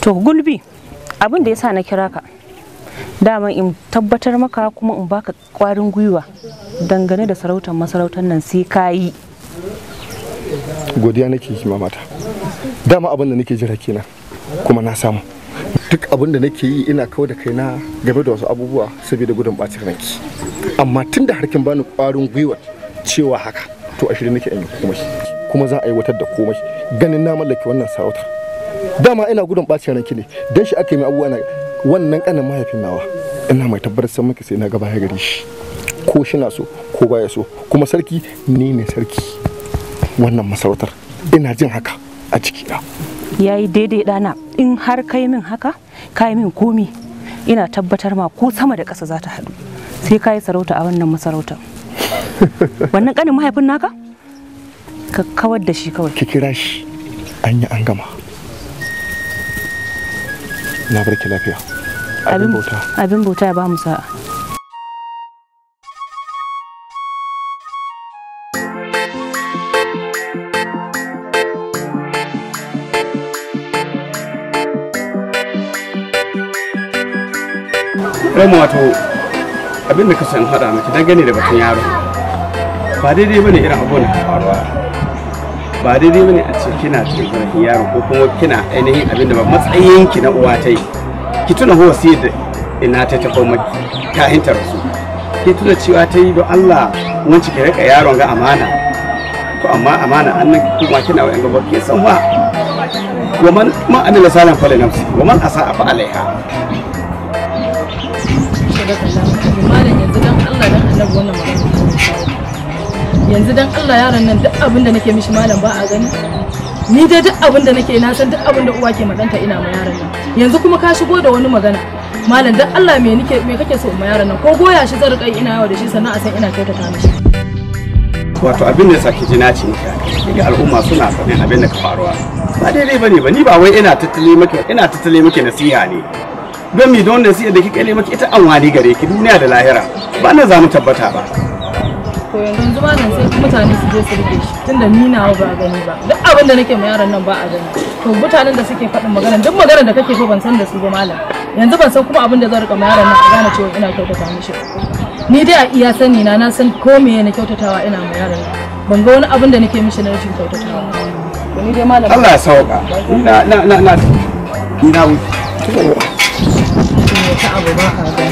to gulbi abin da ya sa na kira ka dama in tabbatar maka kuma in baka kwarin gwiwa dangane da sarautar masarautar nan sai ka yi godiya nake yi mamata dama abin da nake jira kenan kuma na samu duk abin da nake yi ina kawo da na game da wasu abubuwa saboda gudun bacin ranki amma tun da harkin bani kwarin gwiwa cewa haka to a nake in yi komai kuma za a aiwatar da komai ganin na mallaki wannan sarauta dama ina gudun bacin ranki ne dan shi aka yi abubuwa na wannan kanin mahaifin nawa ina mai tabbatar san maka sai na gaba ya gare shi ko shi na so ko baya so kuma sarki ni ne sarki wannan masarautar ina jin haka a cikina ya yi daidai ɗana in har kai min haka kai min komi ina tabbatar ma ko sama da ƙasa za ta haɗu sai ka sarauta a wannan masarautar wannan ƙanin mahaifin naka ka kawar da shi kawai ki kira shi an yi an gama na barki lafiya abin bauta abin bauta ya ba mu sa'a Rama wato abin da ka san haɗa miki dangane da batun yaro ba daidai bane irin abubuwan da faruwa ba daidai bane a ce kina cikin zarafin yaro ko kuma kina ainihin abin da ba matsayin ki na uwa ta yi ki tuna ho sai da ina ta tafi maki kahin ta rasu ki tuna cewa ta yi don Allah wanci ki rika yaron ga amana to amma amana annan kuma kina wa'in ba ke san ba waman ma amila salan fala nafsi man asa fa alaiha malam yanzu dan Allah dan yanzu dan Allah yaron nan duk abin da nake mishi malam ba a gani ni dai duk abin da nake na san duk abin da uwa ke maganta ina ma yaron nan yanzu kuma ka shigo da wani magana malam dan Allah me nike me kake so ma yaron nan ko goya shi zan ina yawa da shi sannan a san ina kyautata mishi wato abin da sake jina ce daga al'umma suna sanin abin da ka faruwa ba daidai bane ba ni ba wai ina tattale maka ina tattale maka nasiha ne don mi don nasiha da kika yi maka ita an wani gare ki duniya da lahira ba na za mu tabbata ba to yanzu ma nan sai mutane su je su rike shi tunda ni nawa ba gani ba duk abin da nake ma yaron nan ba a gani to mutanen da suke faɗin magana duk maganar da kake so ban san da su ba malam yanzu ban san kuma abin da zan rika ma yaron nan a gane cewa ina kyautata mishi ni dai a iya sani na na san ko me na kyautatawa ina ma yaron nan ban ga wani abin da nake mishi na rashin kyautatawa to ni dai malam Allah ya sauka na na na ni na wuce ta abu ba a